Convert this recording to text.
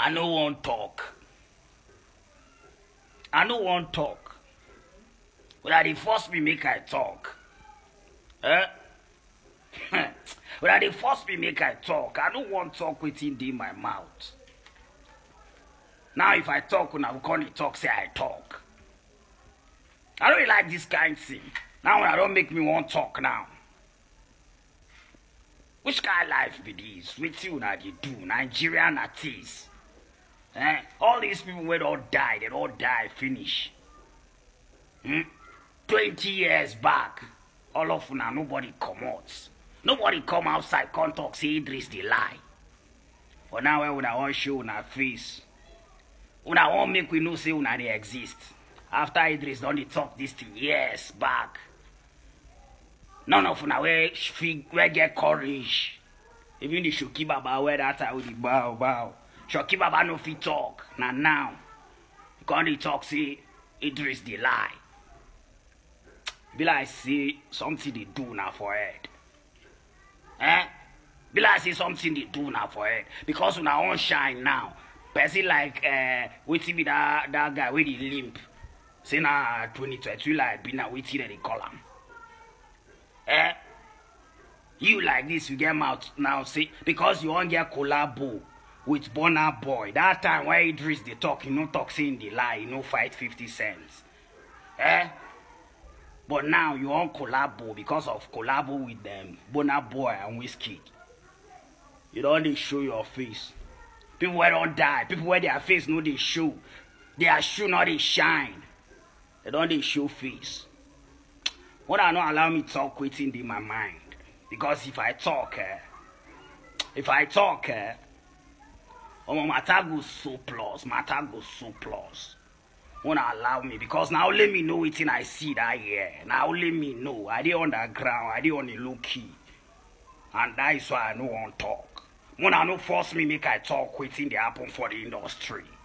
I no wan talk. I no wan talk. Una dey force me make I talk. Eh? Una dey force me make I talk. I no wan talk wetin dey my mouth. Now if I talk, una go come dey talk say I talk. I no dey like dis kind thing. Now una don make me wan talk now. Which kind of life be this? Wetin una dey do? Nigerian artists. Eh? All these people went all died. They all died. Finish. Hmm? 20 years back, all of now nobody commutes. Nobody come outside, come talk, see Idris the lie. But now when una wan show una face, una wan make we know say una they exist. After Idris done dey talk this thing years back, none of now where get courage. Even the Shukiba Baba wey that time we dey bow bow shoki baba no fit talk now now e con dey talk say idris dey lie be like see something they do now for head eh be like see something they do now for head because una wan shine now person like uh, wetin be that that guy with the limp say na 2022 like be na wetin dem they call him, eh you like this you get mouth now see because you wan get collabo with burner boy that time wey idris they talk. He no tok say the lie no fight 50 cents eh but now you all collabo because of collabo with them um, burner boy and whiskey. you don't need show your face pipo don't die People where their face no they show their shoe not they shine don't they show face What I no allow me talk wetin in my mind because if i talk eh if i talk eh go plus, matago go matago plus. una allow me because na only me know wetin i see that year na only me know i dey underground i dey on a low key and that is why i no wan talk una no force me make i talk wetin dey happen for the industry